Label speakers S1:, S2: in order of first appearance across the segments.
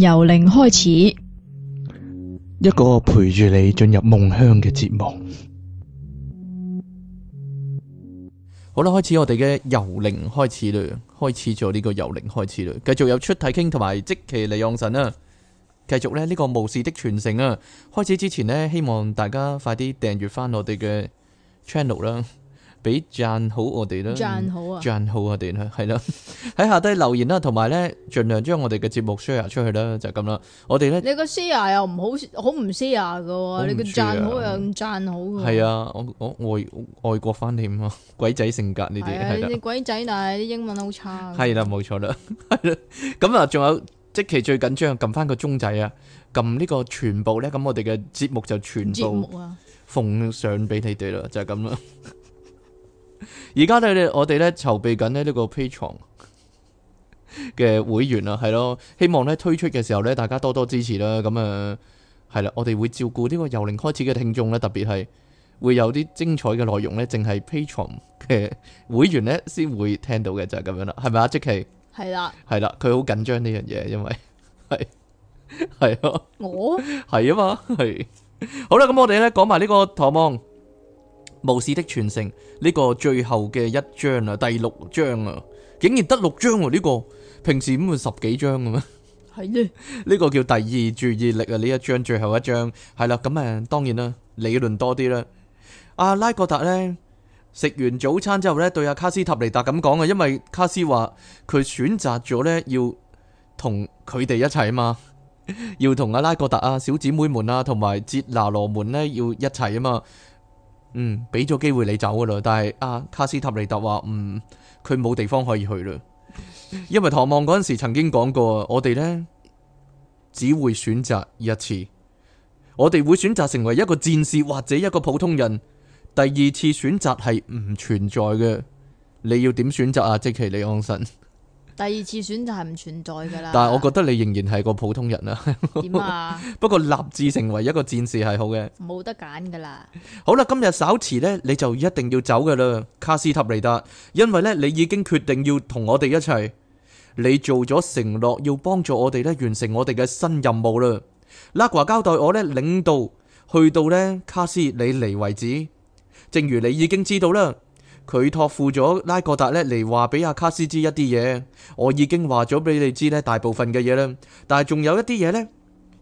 S1: 由零開始，
S2: 一個陪住你進入夢鄉嘅節目。好啦，開始我哋嘅由零開始啦，開始咗呢個由零開始啦。繼續有出體傾同埋即其利用神啦，繼續咧呢、這個巫士的傳承啊。開始之前呢，希望大家快啲訂閱翻我哋嘅 channel 啦。俾贊好我哋啦，贊好啊，贊好我哋啦，係啦，喺下低留言啦，同埋咧，儘量將我哋嘅節目 share 出去啦，就係咁啦。我哋咧，你
S1: 個 share 又唔好，好唔 share 嘅喎，你個贊好又咁贊好嘅。係
S2: 啊，我我外外國翻嚟嘛，鬼仔性格呢啲係，係啊，你
S1: 鬼仔，但係啲英文好差。係
S2: 啦，冇錯啦，係啦。咁啊，仲有即期最緊張，撳翻個鐘仔啊，撳呢個全部咧，咁我哋嘅節目就全部奉上俾你哋啦，就係咁啦。而家咧，我哋咧籌備緊咧呢個 Patreon 嘅會員啊，係咯，希望咧推出嘅時候咧，大家多多支持啦。咁啊，係啦，我哋會照顧呢個由零開始嘅聽眾咧，特別係會有啲精彩嘅內容咧，淨係 Patreon 嘅會員咧先會聽到嘅，就係、是、咁樣啦，係咪啊，J.K. 係啦，係啦了，佢好緊張呢樣嘢，因為係係啊，我係啊嘛，係、啊、好啦，咁我哋咧講埋呢個唐望巫士的傳承呢，這個最後嘅一章啦，第六章啊，竟然得六章呢，這個，平時唔會十幾章嘅咩？係咧的，呢個叫第二注意力啊！呢一章最後一章係啦，咁啊，當然啦，理論多啲啦。阿拉哥達呢，食完早餐之後呢，對阿卡斯塔尼達咁講啊，因為卡斯話佢選擇咗呢，要同佢哋一齊啊嘛， 要同阿拉哥達啊小姐妹們啊，同埋捷拿羅們呢，要一齊啊嘛。嗯，俾咗機會你走噶啦，但係阿、啊、卡斯塔尼達話唔，佢、嗯、冇地方可以去啦，因為唐望嗰陣時曾經講過，我哋呢，只會選擇一次，我哋會選擇成為一個戰士或者一個普通人，第二次選擇係唔存在嘅。你要點選擇啊？即奇里昂神。」
S1: 第二次選就係唔存在噶啦，但係
S2: 我覺得你仍然係個普通人啦，點啊？不過立志成為一個戰士係好嘅，
S1: 冇得揀噶啦。
S2: 好啦，今日稍遲呢，你就一定要走噶啦，卡斯塔尼達，因為呢，你已經決定要同我哋一齊，你做咗承諾要幫助我哋呢完成我哋嘅新任務啦。拉瓜交代我呢，領導去到呢卡斯里尼為止，正如你已經知道啦。佢托付咗拉各達呢嚟話俾阿卡斯知一啲嘢，我已經話咗俾你知大部分嘅嘢啦，但係仲有一啲嘢呢，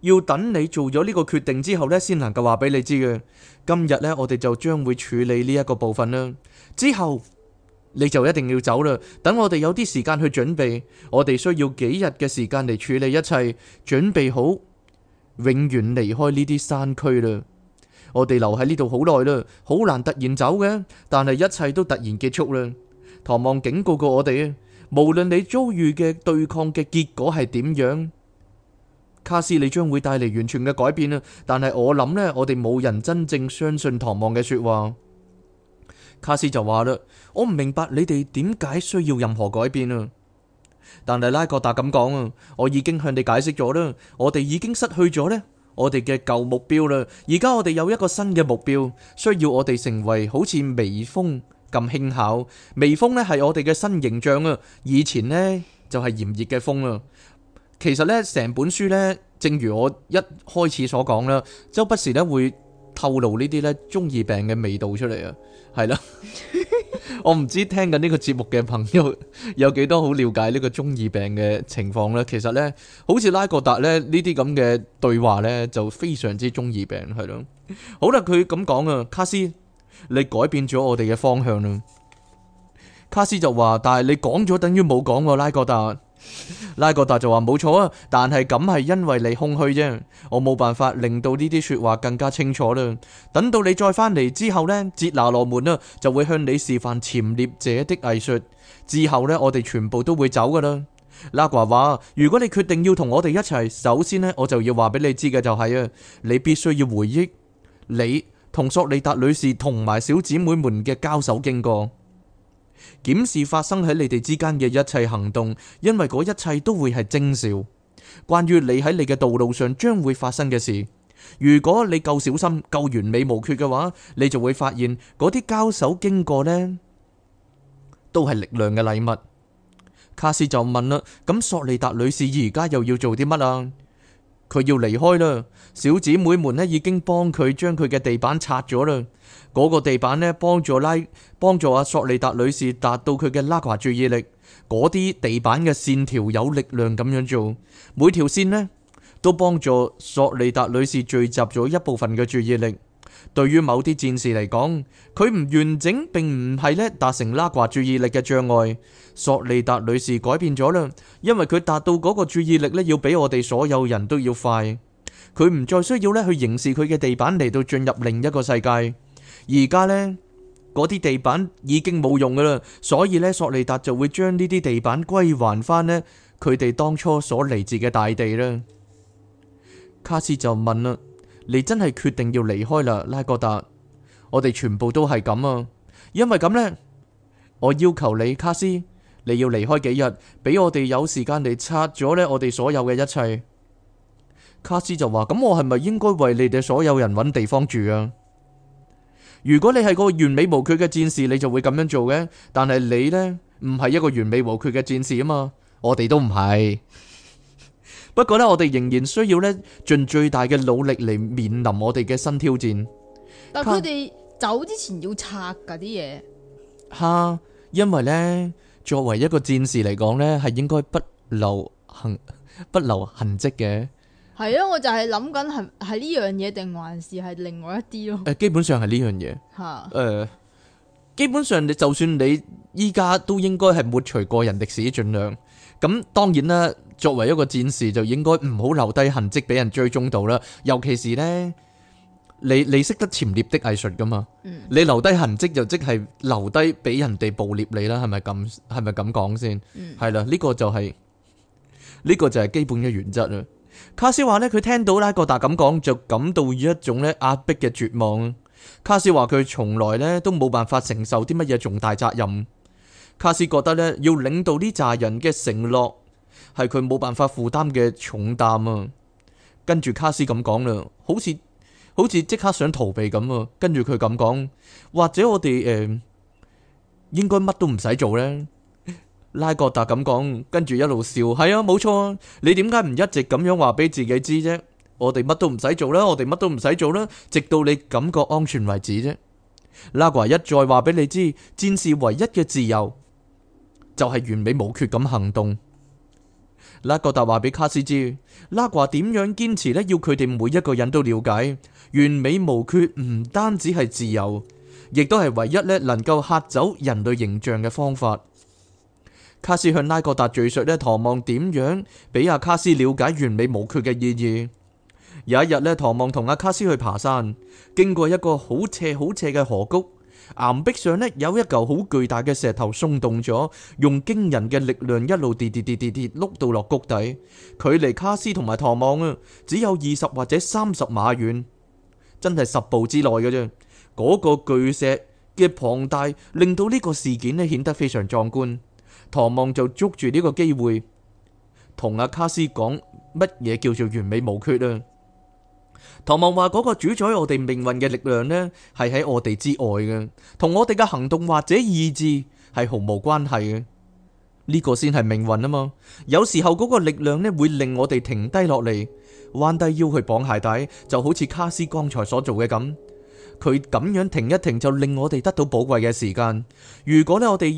S2: 要等你做咗呢個決定之後呢，先能夠話俾你知嘅。今日呢，我哋就將會處理呢一個部分啦。之後你就一定要走啦，等我哋有啲時間去準備，我哋需要幾日嘅時間嚟處理一切，準備好，永遠離開呢啲山區啦。我哋留喺呢度好耐啦，好難突然走嘅。但係一切都突然結束啦。唐望警告過我哋啊，無論你遭遇嘅對抗嘅結果係點樣，卡斯你將會帶嚟完全嘅改變啊。但係我諗呢，我哋冇人真正相信唐望嘅說話。卡斯就話啦，我唔明白你哋點解需要任何改變啊。但係拉格達咁講啊，我已經向你解釋咗啦，我哋已經失去咗呢。我哋嘅舊目標啦，而家我哋有一個新嘅目標，需要我哋成為好似微風咁輕巧。微風呢係我哋嘅新形象啦，以前呢就係炎熱嘅風啦。其實呢成本書呢，正如我一開始所講啦，周不時呢會。透露呢啲呢中二病嘅味道出嚟啊，係啦， 我唔知聽緊呢個節目嘅朋友有幾多好了解呢個中二病嘅情況咧。其實咧，好似拉格達咧呢啲咁嘅對話咧，就非常之中二病係咯。好啦，佢咁講啊，卡斯，你改變咗我哋嘅方向啦。卡斯就話，但係你講咗等於冇講啊，拉格達。拉哥達就話：冇錯啊，但係咁係因為你空虛啫，我冇辦法令到呢啲說話更加清楚啦。等到你再返嚟之後呢，哲拿羅門呢就會向你示範潛獵者的藝術。之後呢，我哋全部都會走噶啦。拉哥話：如果你決定要同我哋一齊，首先呢，我就要話俾你知嘅就係、是、啊，你必須要回憶你同索里達女士同埋小姐妹們嘅交手經過。檢視發生喺你哋之間嘅一切行動，因為嗰一切都會係徵兆。關於你喺你嘅道路上將會發生嘅事，如果你夠小心、夠完美無缺嘅話，你就會發現嗰啲交手經過呢，都係力量嘅禮物。卡斯就問啦，咁索利達女士而家又要做啲乜啊？佢要離開啦，小姐妹們已經幫佢將佢嘅地板拆咗啦。嗰個地板呢，幫助拉幫助阿索利達女士達到佢嘅拉華注意力。嗰啲地板嘅線條有力量咁樣做，每條線呢，都幫助索利達女士聚集咗一部分嘅注意力。對於某啲戰士嚟講，佢唔完整並唔係咧達成拉掛注意力嘅障礙。索利達女士改變咗啦，因為佢達到嗰個注意力咧，要比我哋所有人都要快。佢唔再需要咧去凝視佢嘅地板嚟到進入另一個世界。而家呢，嗰啲地板已經冇用噶啦，所以呢，索利達就會將呢啲地板歸還翻呢佢哋當初所嚟自嘅大地啦。卡斯就問啦。你真係決定要離開啦，拉哥達。我哋全部都係咁啊，因為咁呢，我要求你，卡斯，你要離開幾日，俾我哋有時間你拆咗呢我哋所有嘅一切。卡斯就話：咁我係咪應該為你哋所有人揾地方住啊？如果你係個完美無缺嘅戰士，你就會咁樣做嘅。但係你呢，唔係一個完美無缺嘅戰士啊嘛，我哋都唔係。不過咧，我哋仍然需要咧，盡最大嘅努力嚟，面臨我哋嘅新挑戰。
S1: 但佢哋走之前要拆嗰啲嘢。
S2: 吓，因為呢，作為一個戰士嚟講呢係應該不留痕、不留痕跡嘅。
S1: 係啊，我就係諗緊係係呢樣嘢，定還是係另外一啲咯？
S2: 誒、 呃，基本上係呢樣嘢。吓，誒，基本上你就算你依家都應該係抹除個人歷史，盡量，盡量咁，當然啦。作為一個戰士就應該唔好留低痕跡俾人追蹤到啦。尤其是呢，你你識得潛獵的藝術噶嘛？你留低痕跡就即係留低俾人哋捕獵你啦，係咪咁？係咪咁講先？係啦、嗯、呢、這個就係、是、呢、這個就係基本嘅原則啦。卡斯話呢，佢聽到拉格達咁講，就感到一種咧壓迫嘅絕望。卡斯話佢從來咧都冇辦法承受啲乜嘢重大責任。卡斯覺得呢，要領導呢扎人嘅承諾。係佢冇辦法負擔嘅重擔啊，跟住卡斯咁講啦，好似好似即刻想逃避咁啊。跟住佢咁講，或者我哋誒、欸、應該乜都唔使做呢？拉格達咁講，跟住一路笑，係啊，冇錯啊。你點解唔一直咁樣話俾自己知啫？我哋乜都唔使做啦，我哋乜都唔使做啦，直到你感覺安全為止啫。拉格達一再話俾你知，戰士唯一嘅自由就係、是、完美無缺咁行動。拉格達話俾卡斯知，拉華點樣堅持呢，要佢哋每一個人都了解完美無缺，唔單止係自由，亦都係唯一能夠嚇走人類形象嘅方法。卡斯向拉格達敘述呢唐望點樣俾阿卡斯了解完美無缺嘅意義。有一日呢唐望同阿卡斯去爬山，經過一個好斜好斜嘅河谷。岩壁上呢有一嚿好巨大嘅石頭鬆動咗，用驚人嘅力量一路跌跌跌跌跌碌到落谷底，距離卡斯同埋唐望啊只有二十或者三十碼遠，真係十步之內嘅啫。嗰個巨石嘅龐大令到呢個事件呢顯得非常壯觀。唐望就捉住呢個機會，同阿卡斯講乜嘢叫做完美無缺啊！唐望話嗰個主宰我哋命運嘅力量呢，係喺我哋之外嘅，同我哋嘅行動或者意志係毫無關係嘅。呢個先係命運啊嘛！有時候嗰個力量呢，會令我哋停低落嚟，彎低腰去綁鞋帶，就好似卡斯剛才所做嘅咁。佢咁樣停一停，就令我哋得到寶貴嘅時間。如果呢，我哋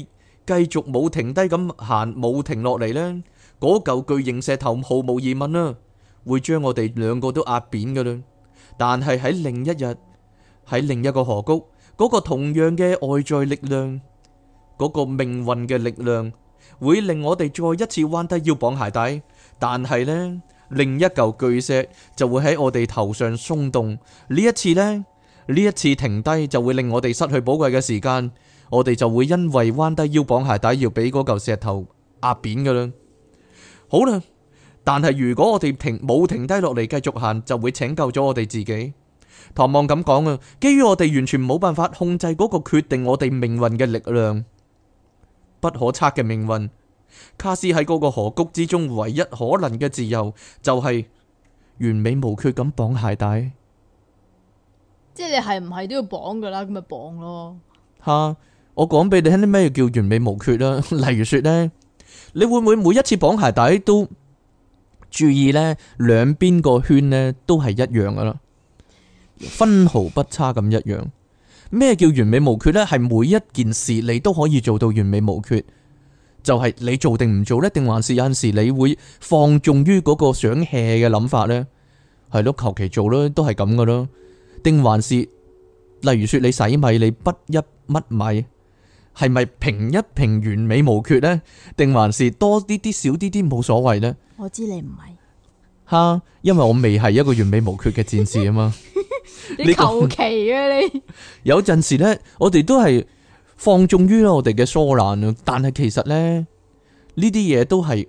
S2: 繼續冇停低咁行，冇停落嚟呢，嗰嚿巨型石頭毫無疑問啦，會將我哋兩個都壓扁㗎啦。但係喺另一日，喺另一個河谷，嗰個同樣嘅外在力量，嗰個命運嘅力量，會令我哋再一次彎低腰綁鞋帶。但係呢，另一嚿巨石就會喺我哋頭上鬆動。呢一次呢，呢一次停低就會令我哋失去寶貴嘅時間。我哋就會因為彎低腰綁鞋帶，要俾嗰嚿石頭壓扁噶啦。好啦。但係如果我哋停冇停低落嚟繼續行，就會拯救咗我哋自己。唐望咁講啊，基於我哋完全冇辦法控制嗰個決定我哋命運嘅力量，不可測嘅命運。卡斯喺嗰個河谷之中，唯一可能嘅自由就係完美無缺咁綁鞋帶。
S1: 即係你係唔係都要綁噶啦？咁咪綁咯。
S2: 吓，我講俾你聽啲咩叫完美無缺啦，啊？ 例如說呢，你會唔會每一次綁鞋帶都？注意呢兩邊個圈呢都係一樣噶啦，分毫不差咁一樣。咩叫完美無缺呢？係每一件事你都可以做到完美無缺，就係你做定唔做呢？定還是有陣時你會放縱於嗰個想 hea 嘅諗法呢？係咯，求其做咯，都係咁噶咯？定還是例如說你洗米，你不一乜米係咪平一平完美無缺呢？定還是多啲啲少啲啲冇所謂呢？我知你唔係吓，因為我未係一個完美無缺嘅戰士啊嘛！
S1: 你求說其啊你 有！
S2: 有陣時呢，我哋都係放縱於我哋嘅疏懶，但係其實呢，呢啲嘢都係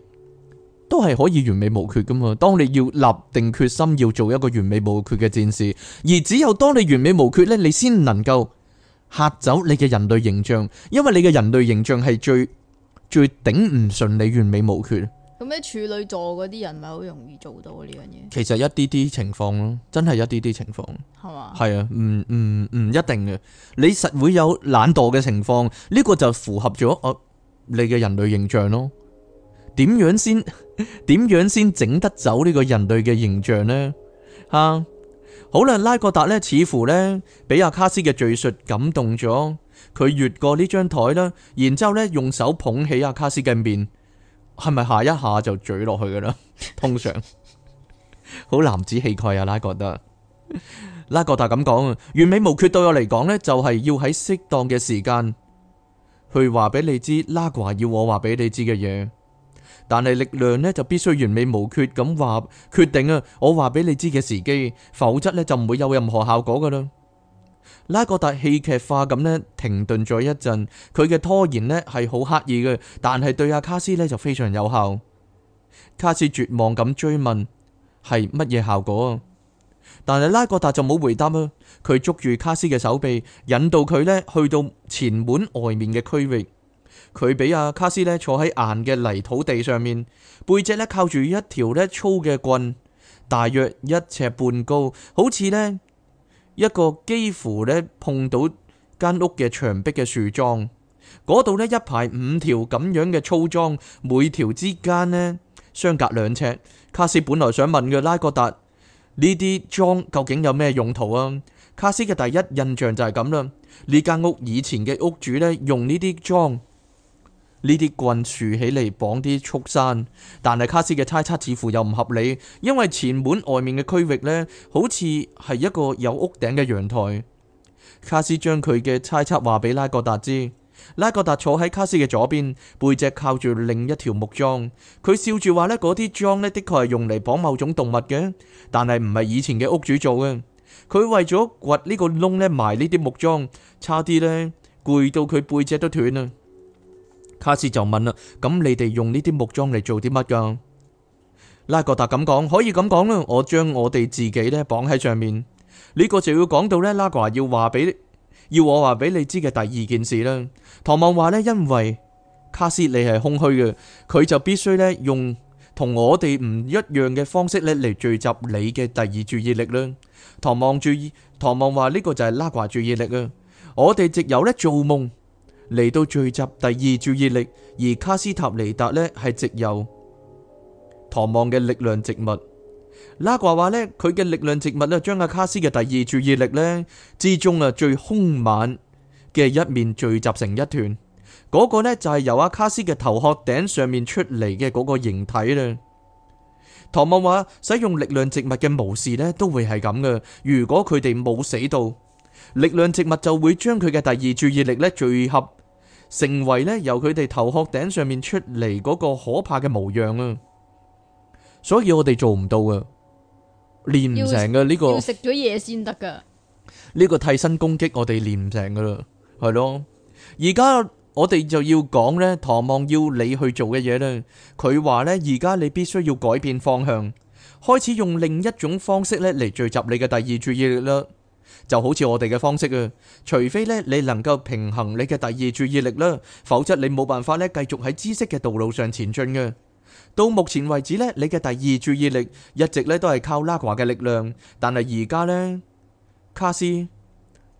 S2: 都係可以完美無缺噶嘛。當你要立定決心要做一個完美無缺嘅戰士，而只有當你完美無缺呢，你先能夠嚇走你嘅人類形象，因為你嘅人類形象係最最頂唔順你完美無缺。
S1: 咁喺處女座嗰啲人咪好容易做到呢樣
S2: 嘢？其實一啲啲情況咯，真係一啲啲情況，係嘛吧？係啊，唔唔唔一定嘅，你實會有懶惰嘅情況，呢、這個就符合咗我、啊、你嘅人類形象咯。點樣先？點樣先整得走呢個人類嘅形象呢？啊，好啦，拉各達呢，似乎呢，俾阿卡斯嘅敘述感動咗，佢越過呢張台啦，然之後呢，用手捧起阿卡斯嘅面。係咪下一下就嘴落去噶啦？ 通常好男子氣概啊！拉哥特，拉哥特咁講，完美無缺對我嚟講呢，就係要喺適當嘅時間去話俾你知，拉哥要我話俾你知嘅嘢。但係力量呢，就必須完美無缺咁話決定啊！我話俾你知嘅時機，否則呢，就唔會有任何效果噶啦。拉格達戲劇化咁呢，停頓咗一陣，佢嘅拖延呢係好刻意嘅，但係對阿卡斯呢就非常有效。卡斯絕望咁追問，係乜嘢效果？但係拉格達就冇回答啦。佢捉住卡斯嘅手臂，引導佢呢去到前門外面嘅區域。佢俾阿卡斯呢坐喺硬嘅泥土地上面，背脊呢靠住一條呢粗嘅棍，大約一尺半高，好似呢。一個幾乎咧碰到間屋嘅牆壁嘅樹樁，嗰度呢一排五條咁樣嘅粗樁，每條之間呢相隔兩尺。卡斯本來想問嘅拉格達，呢啲樁究竟有咩用途啊？卡斯嘅第一印象就係咁啦，呢間屋以前嘅屋主呢用呢啲樁。呢啲棍豎起嚟綁啲畜生。但係卡斯嘅猜測似乎又唔合理，因為前門外面嘅區域呢，好似係一個有屋頂嘅陽台。卡斯將佢嘅猜測話俾拉格達知，拉格達坐喺卡斯嘅左邊，背脊靠住另一條木樁。佢笑住話呢，嗰啲樁呢，的確係用嚟綁某種動物嘅，但係唔係以前嘅屋主做嘅。佢為咗掘呢個窿呢，埋呢啲木樁，差啲呢攰到佢背脊都斷啦。卡斯就問啦，咁你哋用呢啲木樁嚟做啲乜噶？拉格達咁講，可以咁講啦。我將我哋自己咧綁喺上面，呢個就要講到咧。拉瓜話要話俾，要我話俾你知嘅第二件事啦。唐望話咧，因為卡斯你係空虛嘅，佢就必須咧用同我哋唔一樣嘅方式咧嚟聚集你嘅第二注意力啦。唐望注意，唐望話呢個就係拉瓜注意力啊。我哋只有咧做夢。嚟到聚集第二注意力，而卡斯塔尼達呢係直由唐望嘅力量植物。拉呱話呢，佢嘅力量植物呢，將阿卡斯嘅第二注意力呢之中啊最兇猛嘅一面聚集成一團。嗰個呢就係由阿卡斯嘅頭殼頂上面出嚟嘅嗰個形體啦。唐望話，使用力量植物嘅巫士呢都會係咁嘅，如果佢哋冇死到，力量植物就會將佢嘅第二注意力呢聚合，成為咧由佢哋頭殼頂上面出嚟嗰個可怕嘅模樣啊！所以我哋做唔到啊，練唔成嘅呢，這個要食
S1: 咗嘢先得噶。
S2: 呢個替身攻擊我哋練唔成噶啦，係咯。而家我哋就要講咧，唐望要你去做嘅嘢咧。佢話咧，而家你必須要改變方向，開始用另一種方式咧嚟聚集你嘅第二注意力啦。就好似我哋嘅方式啊，除非呢，你能夠平衡你嘅第二注意力啦，否則你冇辦法呢繼續喺知識嘅道路上前進嘅。到目前為止呢，你嘅第二注意力一直呢都係靠拉華嘅力量，但係而家呢，卡斯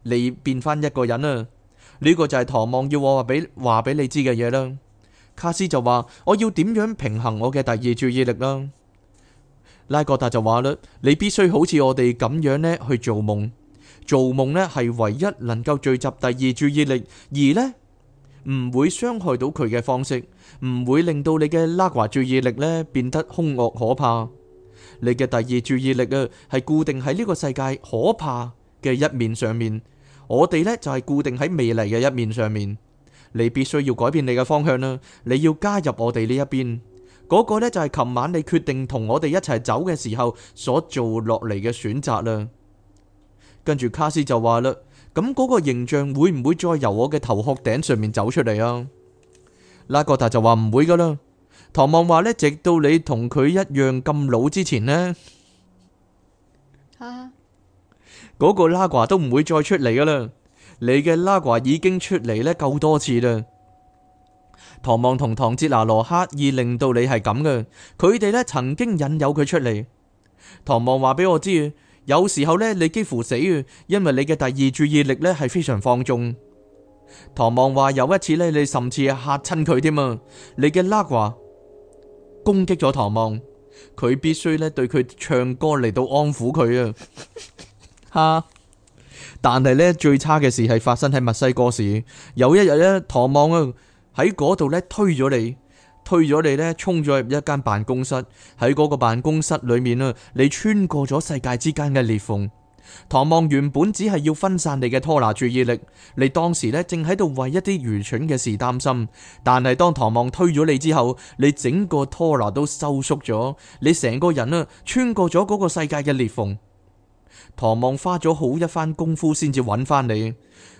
S2: 你變翻一個人啊，呢個就係唐望要我話俾話俾你知嘅嘢啦。卡斯就話，我要點樣平衡我嘅第二注意力啦？拉格達就話啦，你必須好似我哋咁樣呢去做夢。做夢咧，係唯一能夠聚集第二注意力而咧唔會傷害到佢嘅方式，唔會令到你嘅拉華注意力咧變得兇惡可怕。你嘅第二注意力啊係固定喺呢個世界可怕嘅一面上面，我哋咧就係固定喺未來嘅一面上面。你必須要改變你嘅方向啦，你要加入我哋呢一邊。嗰個咧就係琴晚你決定同我哋一齊走嘅時候所做落嚟嘅選擇啦。跟住卡斯就話嘞，咁嗰個形象會唔會再由我嘅頭殼頂上面走出嚟啊？拉哥達就話唔會噶啦。唐望話呢，直到你同佢一樣咁老之前呢，
S1: 啊，
S2: 嗰個拉瓜都唔會再出嚟噶啦。你嘅拉瓜已經出嚟呢，夠多次啦。唐望同唐哲拿羅刻意令到你係咁嘅，佢哋呢曾經引誘佢出嚟。唐望話俾我知。有時候呢，你幾乎死啊，因為你嘅第二注意力呢係非常放縱。唐望話有一次呢，你甚至係嚇親佢添啊。你嘅 l 甩話攻擊咗唐望，佢必須呢對佢唱歌嚟到安撫佢啊。吓，但係呢，最差嘅事係發生喺墨西哥時，有一日呢，唐望啊喺嗰度呢推咗你。推咗你呢，衝咗入一間辦公室，喺嗰個辦公室裏面呢，你穿過咗世界之間嘅裂縫。唐望原本只係要分散你嘅拖拿注意力，你當時呢，正喺度為一啲愚蠢嘅事擔心。但係當唐望推咗你之後，你整個拖拿都收縮咗，你成個人啦穿過咗嗰個世界嘅裂縫。唐望花咗好一番功夫先至揾返你。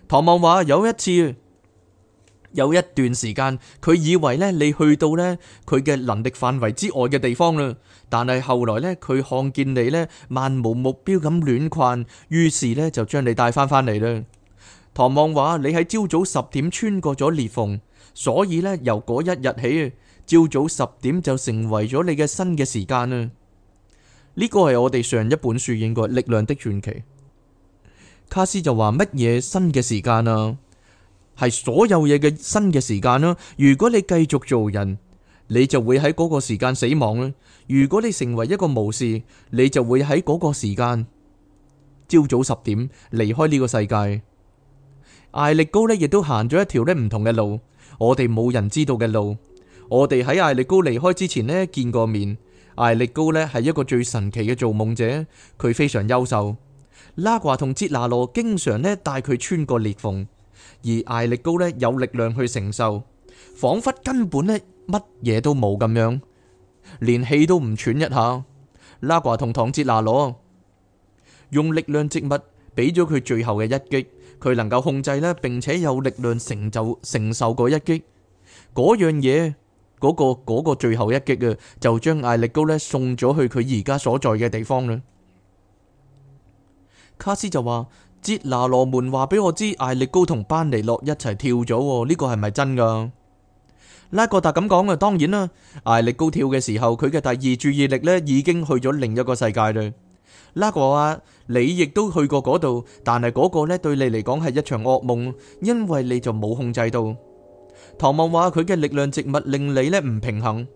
S2: 唐望話有一次。有一段時間，佢以為咧你去到咧佢嘅能力範圍之外嘅地方啦。但係後來咧，佢看見你咧漫無目標咁亂逛，於是呢就將你帶返返嚟啦。唐望話：你喺朝早十點穿過咗裂縫，所以呢由嗰一日起，朝早十點就成為咗你嘅新嘅時間啦。呢個係我哋上一本書應該《力量的傳奇》。卡斯就話乜嘢新嘅時間啊？係所有嘢嘅新嘅時間囉。如果你繼續做人，你就會喺嗰個時間死亡啦。如果你成為一個巫師，你就會喺嗰個時間，朝早十點離開呢個世界。艾力高呢亦都行咗一條呢唔同嘅路，我哋冇人知道嘅路。我哋喺艾力高離開之前呢見過面。艾力高呢係一個最神奇嘅做夢者，佢非常優秀。拉瓜同杰拿羅經常呢帶佢穿過裂縫。而艾力高呢有力量去承受，仿彿根本呢乜嘢都冇咁樣，連氣都唔喘一下。拉瓜同唐哲拿羅用力量植物俾咗佢最後嘅一擊，佢能夠控制呢，並且有力量承受承受嗰一擊。嗰樣嘢，嗰個嗰個最後一擊啊，就將艾力高呢送咗去佢而家所在嘅地方啦。卡斯就話。傑拿羅門話俾我知艾力高同班尼諾一齊跳咗，呢個係咪真噶？拉哥達咁講嘅，當然啦。艾力高跳嘅時候，佢嘅第二注意力呢已經去咗另一個世界啦。拉哥啊，你亦都去過嗰度，但係嗰個呢對你嚟講係一場噩夢，因為你就冇控制到。唐望話佢嘅力量植物令你呢唔平衡，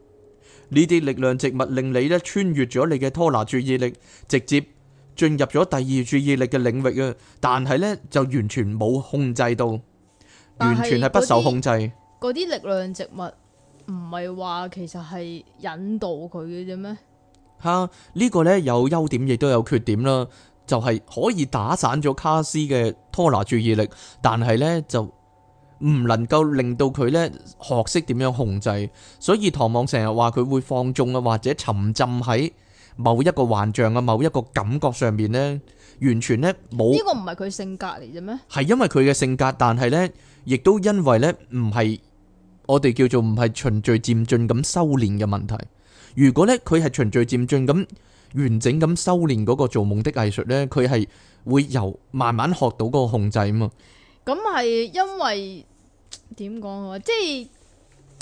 S2: 呢啲力量植物令你呢穿越咗你嘅拖拿注意力，直接進入咗第二注意力嘅領域啊，但係呢就完全冇控制到，
S1: 完全係不受控制。嗰啲力量植物唔係話其實係引導佢嘅啫咩？
S2: 吓，啊，呢個呢有優點亦都有缺點啦，就係可以打散咗卡斯嘅拖拿注意力，但係呢就唔能夠令到佢呢學識點樣控制，所以唐望成日話佢會放縱啊，或者沉浸喺。某一個幻象啊，某一個感覺上面咧，完全咧冇。呢
S1: 個唔係佢性格嚟啫咩？
S2: 係因為佢嘅性格，但係咧，亦都因為咧，唔係我哋叫做唔係循序漸進咁修煉嘅問題。如果咧佢係循序漸進咁完整咁修煉嗰個做夢的藝術咧，佢係會由慢慢學到個控制啊嘛。
S1: 咁係因為點講啊？即係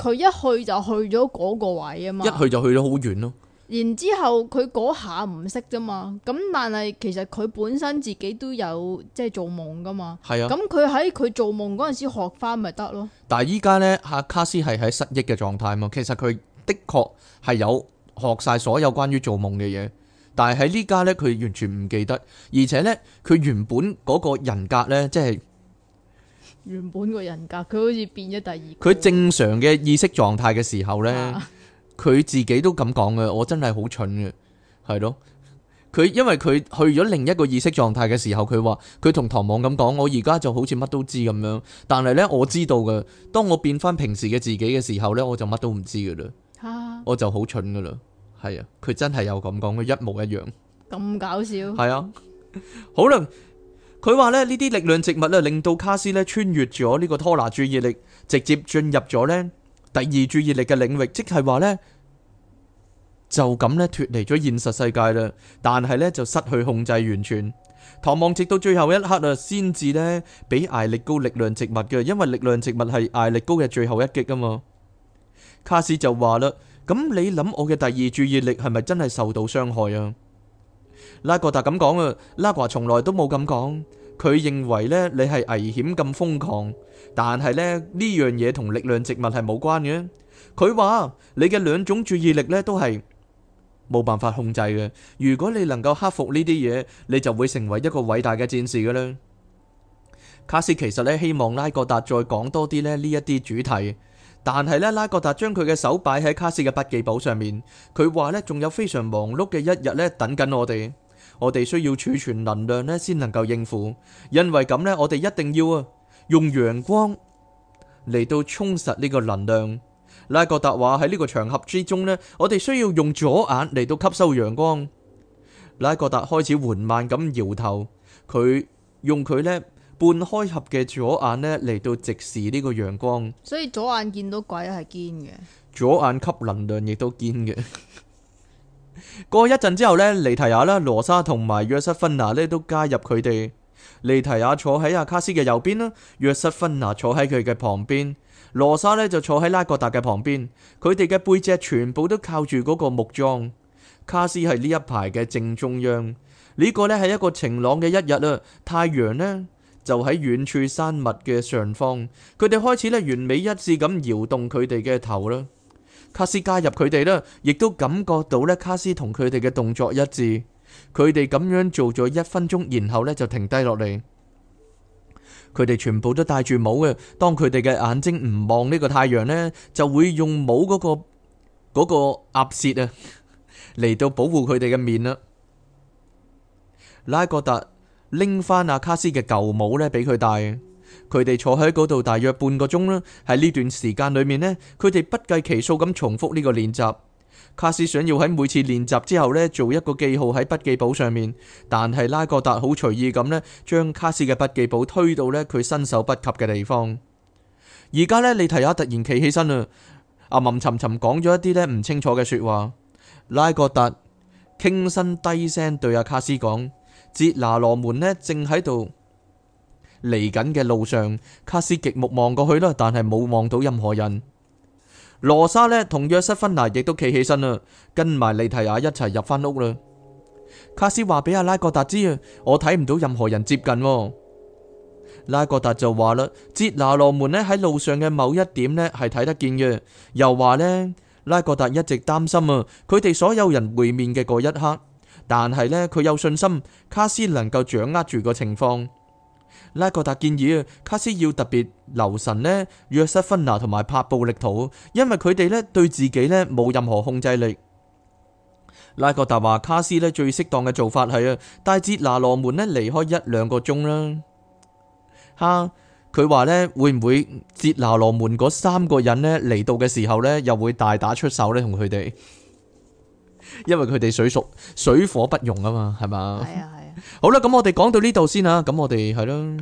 S1: 佢一去就去咗嗰個位啊嘛。一去
S2: 就去咗好遠咯。
S1: 然之後佢嗰下唔識啫嘛，咁但係其實佢本身自己都有即係做夢噶嘛，係啊，咁佢喺佢做夢嗰陣時學翻咪得咯。
S2: 但係依家呢，阿卡斯係喺失憶嘅狀態嘛，其實佢的確係有學晒所有關於做夢嘅嘢，但係喺呢家呢，佢完全唔記得，而且呢，佢原本嗰個人格呢，即係
S1: 原本個人格，佢好似變咗第二
S2: 個。佢正常嘅意識狀態嘅時候呢。啊。佢自己都咁講嘅，我真係好蠢嘅，係咯。佢因為佢去咗另一個意識狀態嘅時候，佢話佢同唐望咁講，我而家就好似乜都知咁樣。但係呢，我知道嘅。當我變翻平時嘅自己嘅時候呢，我就乜都唔知噶啦，我就好蠢噶啦。係啊，佢真係有咁講嘅，一模一樣。
S1: 咁搞笑。係
S2: 啊，好啦，佢話呢，呢啲力量植物咧，令到卡斯咧穿越咗呢個托拿注意力，直接進入咗呢，第二注意力嘅領域，即係話咧，就咁咧脫離咗現實世界啦，但係咧就失去控制完全。唐望直到最後一刻啊，先至咧俾艾力高力量植物嘅，因為力量植物係艾力高嘅最後一擊啊嘛。卡斯就話啦，咁你諗我嘅第二注意力係咪真係受到傷害啊？拉格達咁講啊，拉華從來都冇咁講。佢認為咧，你係危險咁瘋狂，但係咧呢樣嘢同力量植物係冇關嘅。佢話你嘅兩種注意力咧都係冇辦法控制嘅。如果你能夠克服呢啲嘢，你就會成為一個偉大嘅戰士嘅啦。卡斯其實咧希望拉格達再講多啲咧呢一啲主題，但係呢，拉格達將佢嘅手擺喺卡斯嘅筆記簿上面，佢話咧仲有非常忙碌嘅一日咧等緊我哋。我哋需要儲存能量咧，先能夠應付。因為咁呢，我哋一定要啊，用陽光嚟到充實呢個能量。拉各達話喺呢個場合之中呢，我哋需要用左眼嚟到吸收陽光。拉各達開始緩慢咁搖頭，佢用佢呢半開合嘅左眼咧嚟到直視呢個陽光。
S1: 所以左眼見到鬼係堅嘅，
S2: 左眼吸能量亦都堅嘅。過一陣之後呢，尼提亞啦、羅莎同埋約瑟芬娜咧都加入佢哋。尼提亞坐喺阿卡斯嘅右邊啦，約瑟芬娜坐喺佢嘅旁邊，羅莎咧就坐喺拉各達嘅旁邊。佢哋嘅背脊全部都靠住嗰個木樁。卡斯係呢一排嘅正中央。呢個咧係一個晴朗嘅一日啦，太陽呢就喺遠處山脈嘅上方。佢哋開始咧完美一致咁搖動佢哋嘅頭啦。卡斯加入佢哋呢，亦都感覺到呢，卡斯同佢哋嘅動作一致。佢哋咁樣做咗一分鐘，然後呢就停低落嚟。佢哋全部都戴住帽嘅，當佢哋嘅眼睛唔望呢個太陽呢，就會用帽嗰個嗰個鴨舌啊嚟到保護佢哋嘅面啦。拉格達拎翻阿卡斯嘅舊帽呢，俾佢戴。佢哋坐喺嗰度大約半個鐘啦，喺呢段時間裏面呢，佢哋不計其數咁重複呢個練習。卡斯想要喺每次練習之後呢，做一個記號喺筆記簿上面，但係拉各達好隨意咁呢，將卡斯嘅筆記簿推到呢佢伸手不及嘅地方。而家呢，你提下突然企起身啦，阿、啊、悶沉沉講咗一啲呢唔清楚嘅說話。拉各達傾身低聲對阿卡斯講：傑拿羅門呢正喺度。嚟緊嘅路上，卡斯極目望過去啦，但係冇望到任何人。羅莎呢同約瑟芬娜亦都企起身啦，跟埋利提亞一齊入翻屋啦。卡斯話俾阿拉哥達知啊，我睇唔到任何人接近。拉哥達就話啦，捷拿羅門呢喺路上嘅某一點呢係睇得見嘅，又話呢，拉哥達一直擔心啊，佢哋所有人會面嘅嗰一刻，但係呢，佢有信心卡斯能夠掌握住個情況。拉各達建議啊，卡斯要特別留神呢，約瑟芬娜同埋帕布力圖，因為佢哋咧對自己咧冇任何控制力。拉各達話，卡斯咧最適當嘅做法係啊，帶捷拿羅門咧離開一兩個鐘啦。哈，佢話咧會唔會捷拿羅門嗰三個人咧嚟到嘅時候咧又會大打出手咧同佢哋？因為佢哋水熟，水火不容啊嘛，係嘛？ 好啦，咁我哋講到呢度先啊，咁我哋係咯，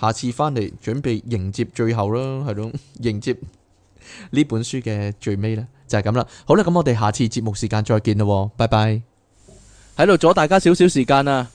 S2: 下次翻嚟準備迎接最後啦，係咯，迎接呢本書嘅最尾啦，就係咁啦。好啦，咁我哋下次節目時間再見啦，拜拜，喺度阻大家少少時間啊。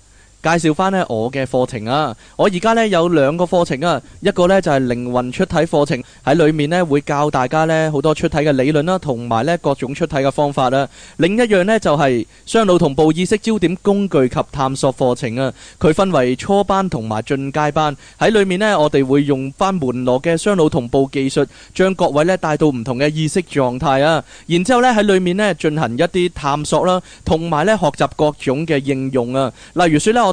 S2: 介紹翻咧我嘅課程啊！我而家咧有兩個課程啊，一個咧就係靈魂出體課程，喺裏面咧會教大家咧好多出體嘅理論啦，同埋咧各種出體嘅方法啦。另一樣咧就係雙腦同步意識焦點工具及探索課程啊。佢分為初班同埋進階班，喺裏面咧我哋會用翻門羅嘅雙腦同步技術，將各位咧帶到唔同嘅意識狀態啊。然之後咧喺裏面咧進行一啲探索啦，同埋咧學習各種嘅應用啊。例如説咧我。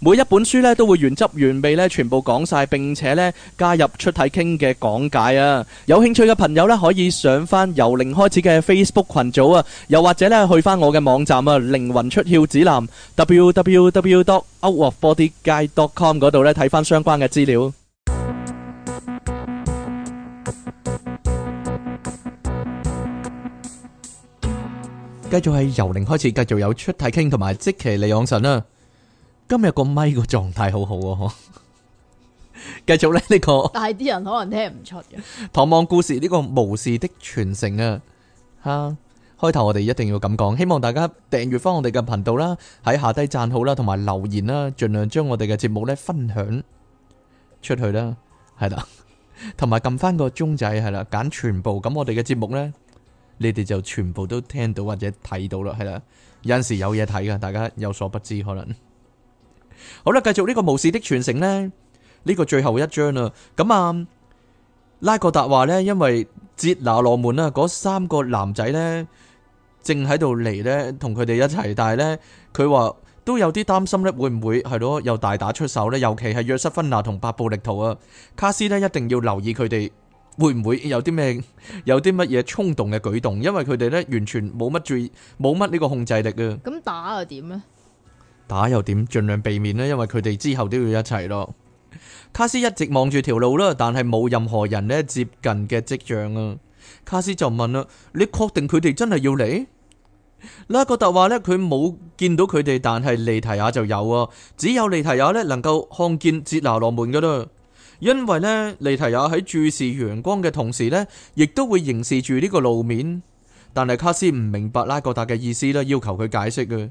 S2: 每一本書咧都會原汁原味咧全部講晒，並且咧加入出體傾嘅講解啊！有興趣嘅朋友咧可以上翻由零開始嘅 Facebook 群組啊，又或者咧去翻我嘅網站啊靈魂出竅指南 www.outofbodyguide.com 嗰度咧睇翻相關嘅資料。繼續係由零開始，繼續有出體傾同埋即期李昂神。啊！今日個咪個狀態好好啊！繼 續咧呢、這個，
S1: 但係啲人可能聽唔出嘅。
S2: 唐望故事呢、這個巫士的傳承啊，吓開頭我哋一定要咁講，希望大家訂閱翻我哋嘅頻道啦，喺下低讚好啦，同埋留言啦，盡量將我哋嘅節目咧分享出去啦，係啦，同埋撳翻個鐘仔係啦，揀全部，咁我哋嘅節目呢，你哋就全部都聽到或者睇到啦，係啦，有陣時有嘢睇噶，大家有所不知可能。好啦，繼續呢個巫士的傳承呢。呢個最後一章啦。咁啊，拉格達話呢，因為捷拿羅門啊，嗰三個男仔呢，正喺度嚟呢，同佢哋一齊。但係呢，佢話都有啲擔心呢，會唔會係咯，又大打出手呢？尤其係約瑟芬娜同八部力圖啊，卡斯呢，一定要留意佢哋會唔會有啲咩，有啲乜嘢衝動嘅舉動，因為佢哋呢，完全冇乜注意，冇乜呢個控制力啊。
S1: 咁打又點呢？
S2: 打又點，盡量避免呢？因為佢哋之後都要一齊咯。卡斯一直望住條路啦，但係冇任何人呢，接近嘅跡象啊。卡斯就問啦，你確定佢哋真係要嚟？拉各達話呢，佢冇見到佢哋，但係利提亞就有啊。只有利提亞呢，能夠看見捷拿羅門噶啦，因為呢，利提亞喺注視陽光嘅同時呢，亦都會凝視住呢個路面。但係卡斯唔明白拉各達嘅意思啦，要求佢解釋嘅。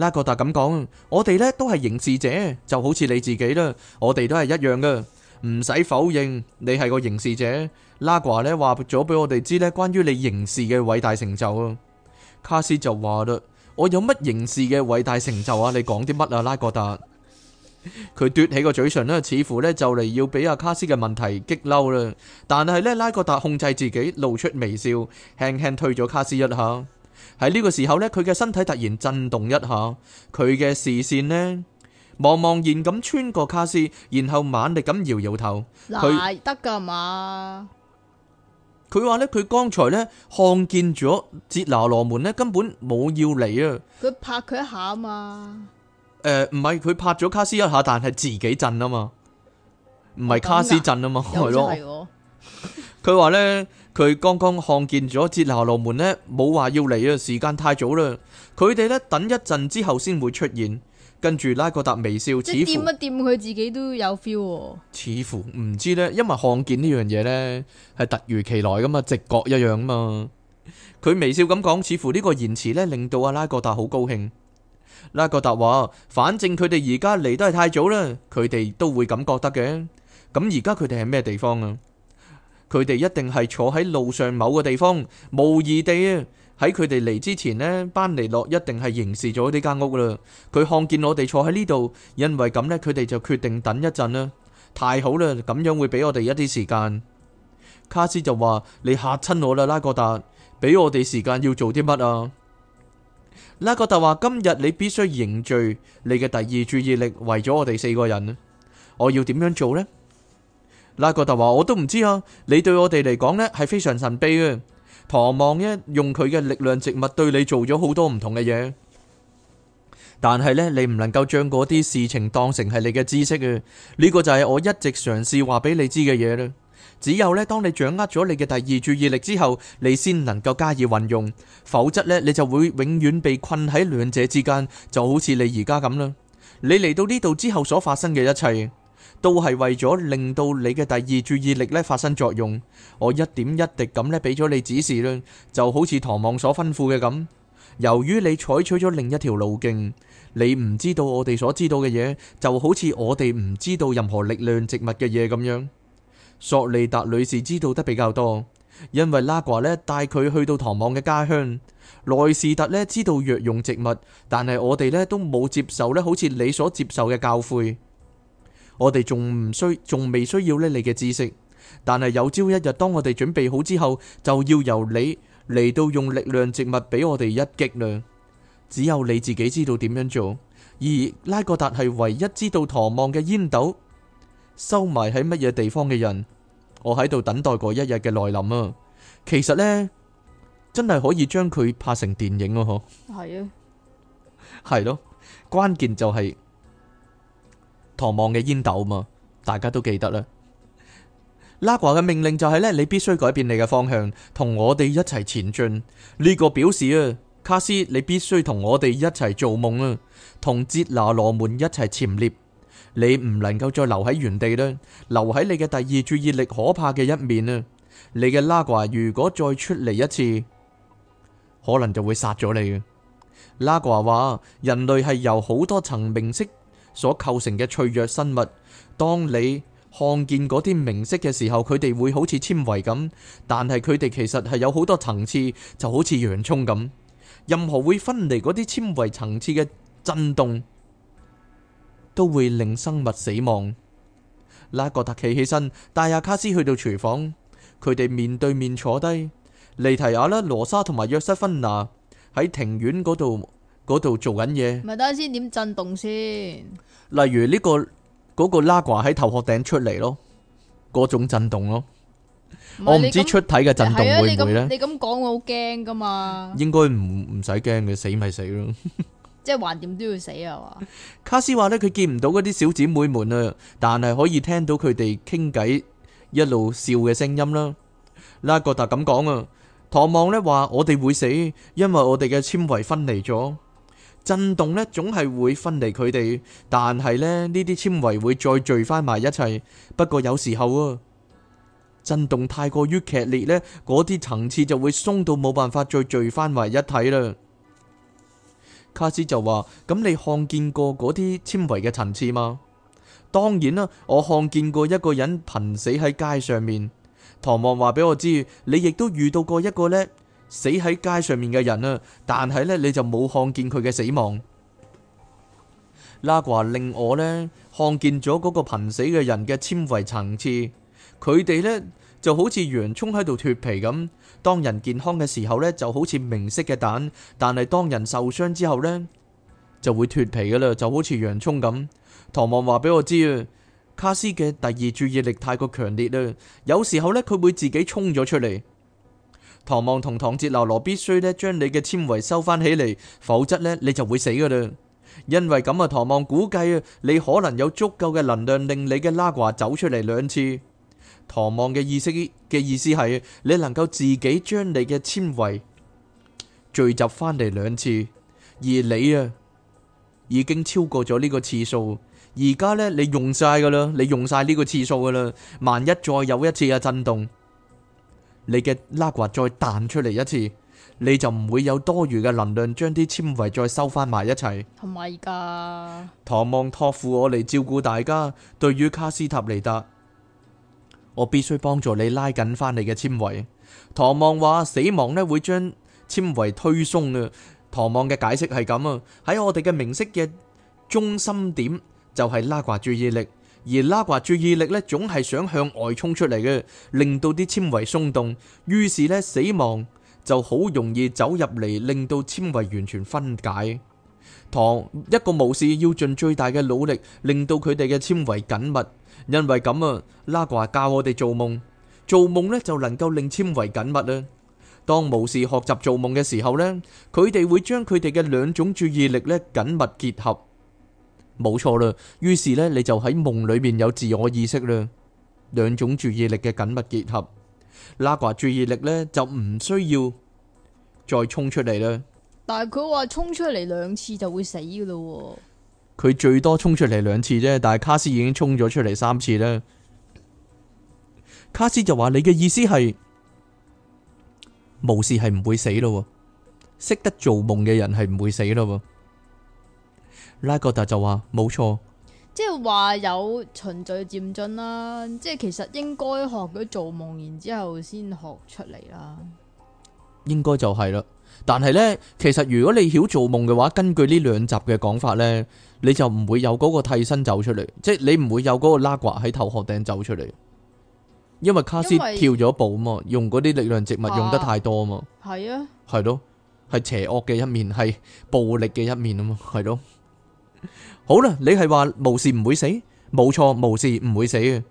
S2: 拉哥達咁講，我哋呢都係凝視者，就好似你自己啦。我哋都係一樣嘅，唔使否認，你係個凝視者。拉華呢話咗俾我哋知呢關於你凝視嘅偉大成就啊。卡斯就話啦，我有乜凝視嘅偉大成就啊？你講啲乜啊？拉哥達，佢嘟起個嘴唇呢，似乎呢就嚟要俾阿卡斯嘅問題激嬲啦。但係呢，拉哥達控制自己，露出微笑，輕輕推咗卡斯一下。喺呢個時候呢，佢嘅身體突然震動一下，佢嘅視線呢，茫茫然咁穿過卡斯，然後猛力咁搖搖頭。嚟得噶嘛？佢話呢，佢剛才呢，看見咗捷拿羅門呢，根本冇要嚟啊！
S1: 佢拍佢一下嘛？
S2: 誒、呃，唔係佢拍咗卡斯一下，但係自己震啊嘛，唔係卡斯震啊嘛，係咯？佢話了 呢。佢剛剛看見咗接拿羅門呢，冇話要嚟啊，時間太早啦。佢哋呢，等一陣之後先會出現。跟住拉各達微笑似乎，即掂
S1: 一掂佢自己都有 feel，哦。
S2: 似乎唔知呢，因為看見呢樣嘢呢係突如其來噶嘛，直覺一樣嘛。佢微笑咁講，似乎呢個言辭呢令到阿拉各達好高興。拉各達話：反正佢哋而家嚟得係太早啦，佢哋都會咁覺得嘅。咁而家佢哋係咩地方啊？佢哋一定係坐喺路上某個地方，無疑地啊喺佢哋嚟之前呢，班尼諾一定係凝視咗呢間屋啦。佢看見我哋坐喺呢度，因為咁呢，佢哋就決定等一陣啦。太好啦，咁樣會俾我哋一啲時間。卡斯就話：你嚇親我啦，拉格達！俾我哋時間要做啲乜啊？拉格達話：今日你必須凝聚你嘅第二注意力，為咗我哋四個人。我要點樣做呢？拉哥特話：我都唔知啊，你對我哋嚟講呢係非常神秘嘅。唐望呢，用佢嘅力量植物對你做咗好多唔同嘅嘢，但係呢，你唔能夠將嗰啲事情當成係你嘅知識啊。呢個就係我一直嘗試話俾你知嘅嘢啦。只有呢，當你掌握咗你嘅第二注意力之後，你先能夠加以運用，否則呢，你就會永遠被困喺兩者之間，就好似你而家咁啦。你嚟到呢度之後所發生嘅一切。都係為咗令到你嘅第二注意力咧，發生作用，我一點一滴咁咧俾咗你指示啦，就好似唐望所吩咐嘅咁。由於你採取咗另一條路徑，你唔知道我哋所知道嘅嘢，就好似我哋唔知道任何力量植物嘅嘢咁樣。索利達女士知道得比較多，因為拉瓜咧帶佢去到唐望嘅家鄉。內士達咧知道藥用植物，但係我哋咧都冇接受咧，好似你所接受嘅教誨。我哋仲唔需，仲未需要呢你嘅知識，但係有朝一日，當我哋準備好之後，就要由你嚟到用力量植物俾我哋一擊啦。只有你自己知道點樣做，而拉格達係唯一知道唐望嘅煙斗收埋喺乜嘢地方嘅人。我喺度等待嗰一日嘅來臨啊！其實呢，真係可以將佢拍成電影啊！嗬的，係啊，係咯，關鍵就係、是。唐望嘅煙斗嘛，大家都記得啦。拉瓜嘅命令就係呢，你必須改變你嘅方向，同我哋一齊前進。呢、這個表示啊，卡斯，你必須同我哋一齊做夢啊，同杰拿羅門一齊潛獵。你唔能夠再留喺原地啦，留喺你嘅第二注意力可怕嘅一面啊。你嘅拉瓜如果再出嚟一次，可能就會殺咗你嘅。拉瓜話：人類係由好多層明色，所構成嘅脆弱生物，當你看見嗰啲明色嘅時候，佢哋會好似纖維咁，但係佢哋其實係有好多層次，就好似洋蔥咁。任何會分離嗰啲纖維層次嘅震動，都會令生物死亡。拉格特企起身，帶阿卡斯去到廚房，佢哋面對面坐低。莉提亞啦、羅莎同埋約瑟芬娜喺庭院嗰度。嗰度做緊嘢，咪
S1: 等下先點震動先？
S2: 例如呢個嗰個拉掛喺頭殼頂出嚟咯，嗰種震動咯，
S1: 我唔知出體嘅震動會唔會咧？你咁講我好驚噶嘛？
S2: 應該唔唔使驚嘅，死咪死咯，
S1: 即係橫掂都要死啊嘛！
S2: 卡斯話咧，佢見唔到嗰啲小姐妹們啊，但係可以聽到佢哋傾偈一路笑嘅聲音啦。拉哥達咁講啊，唐望咧話我哋會死，因為我哋嘅纖維分離咗。震動呢總係會分離佢哋，但係呢，呢啲纖維會再聚翻埋一齊。不過有時候啊，震動太過於劇烈呢，嗰啲層次就會鬆到冇辦法再聚翻為一體啦。卡斯就話：咁你看見過嗰啲纖維嘅層次嗎？當然啦、啊，我看見過一個人瀕死喺街上面。唐望話俾我知，你亦都遇到過一個呢。死喺街上面嘅人啊，但係呢，你就冇看見佢嘅死亡。拉瓜令我呢，看見咗嗰個瀕死嘅人嘅纖維層次，佢哋呢，就好似洋蔥喺度脫皮咁。當人健康嘅時候呢，就好似明色嘅蛋，但係當人受傷之後呢，就會脫皮㗎喇，就好似洋蔥咁。唐望話俾我知啊，卡斯嘅第二注意力太過強烈喇，有時候呢，佢會自己衝咗出嚟。唐望同唐哲流羅必須呢將你嘅纖維收翻起嚟，否則呢，你就會死噶啦。因為咁啊，唐望估計你可能有足夠嘅能量令你嘅拉瓜走出嚟兩次。唐望嘅意思嘅意思係，你能夠自己將你嘅纖維聚集翻嚟兩次，而你啊已經超過咗呢個次數。而家呢，你用晒噶啦，你用晒呢個次數噶啦。萬一再有一次啊震動。你嘅拉瓜再彈出嚟一次，你就唔會有多餘嘅能量將啲纖維再收翻埋一齊。
S1: 係咪噶？
S2: 唐望託付我嚟照顧大家。對於卡斯塔尼達，我必須幫助你拉緊翻你嘅纖維。唐望話死亡咧會將纖維推鬆啊。唐望嘅解釋係咁啊，喺我哋嘅明晰嘅中心點就係、是、拉瓜注意力。而拉瓜注意力呢，總係想向外衝出嚟嘅，令到啲纖維鬆動，於是呢，死亡就好容易走入嚟，令到纖維完全分解。唐一個巫士要盡最大嘅努力，令到佢哋嘅纖維緊密，因為咁啊，拉瓜教我哋做夢，做夢呢，就能夠令纖維緊密啊。當巫士學習做夢嘅時候呢，佢哋會將佢哋嘅兩種注意力呢緊密結合。冇錯啦，於是呢，你就喺夢裏面有自我意識啦，兩種注意力嘅緊密結合。拉瓜注意力呢就唔需要再衝出嚟啦。
S1: 但係佢話衝出嚟兩次就會死噶咯
S2: 佢最多衝出嚟兩次啫，但係卡斯已經衝咗出嚟三次啦。卡斯就話：你嘅意思係無事係唔會死咯，識得做夢嘅人係唔會死咯。拉哥特就話冇錯，
S1: 即係話有循序漸進啦，即係其實應該學咗做夢，然之後先學出嚟啦。
S2: 應該就係啦，但係呢，其實如果你曉做夢嘅話，根據呢兩集嘅講法呢，你就唔會有嗰個替身走出嚟，即係你唔會有嗰個拉掛喺頭殼頂走出嚟，因為卡斯跳咗步啊嘛，用嗰啲力量植物用得太多啊嘛，係啊，係咯、啊，係邪惡嘅一面，係暴力嘅一面啊嘛，係咯。好啦，你係話無事唔會死，冇錯，無事唔會死啊！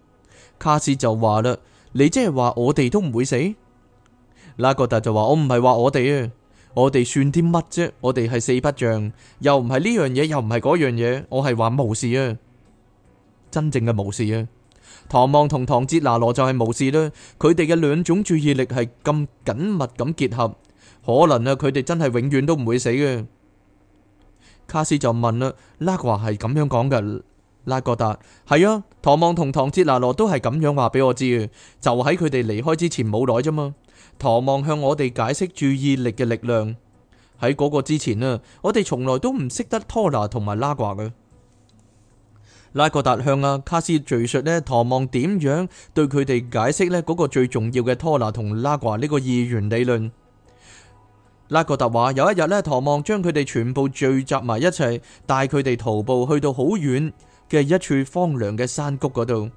S2: 卡斯就話啦，你即係話我哋都唔會死？拉格達就話我唔係話我哋啊，我哋算啲乜啫？我哋係四不像，又唔係呢樣嘢，又唔係嗰樣嘢，我係話無事啊！真正嘅無事啊！唐望同唐哲拿羅就係無事啦，佢哋嘅兩種注意力係咁緊密咁結合，可能啊，佢哋真係永遠都唔會死嘅。卡斯就問啦，拉掛係咁樣講噶？拉哥達，係啊，望唐望同唐哲拿羅都係咁樣話俾我知嘅，就喺佢哋離開之前冇耐啫嘛。唐望向我哋解釋注意力嘅力量喺嗰個之前啊，我哋從來都唔識得拖拿同埋拉掛嘅。拉哥達向阿卡斯敘述呢，唐望點樣對佢哋解釋呢嗰個最重要嘅拖拿同拉掛呢個二元理論。拉各特話：有一日呢，唐望將佢哋全部聚集埋一齊，帶佢哋徒步去到好遠嘅一處荒涼嘅山谷嗰度。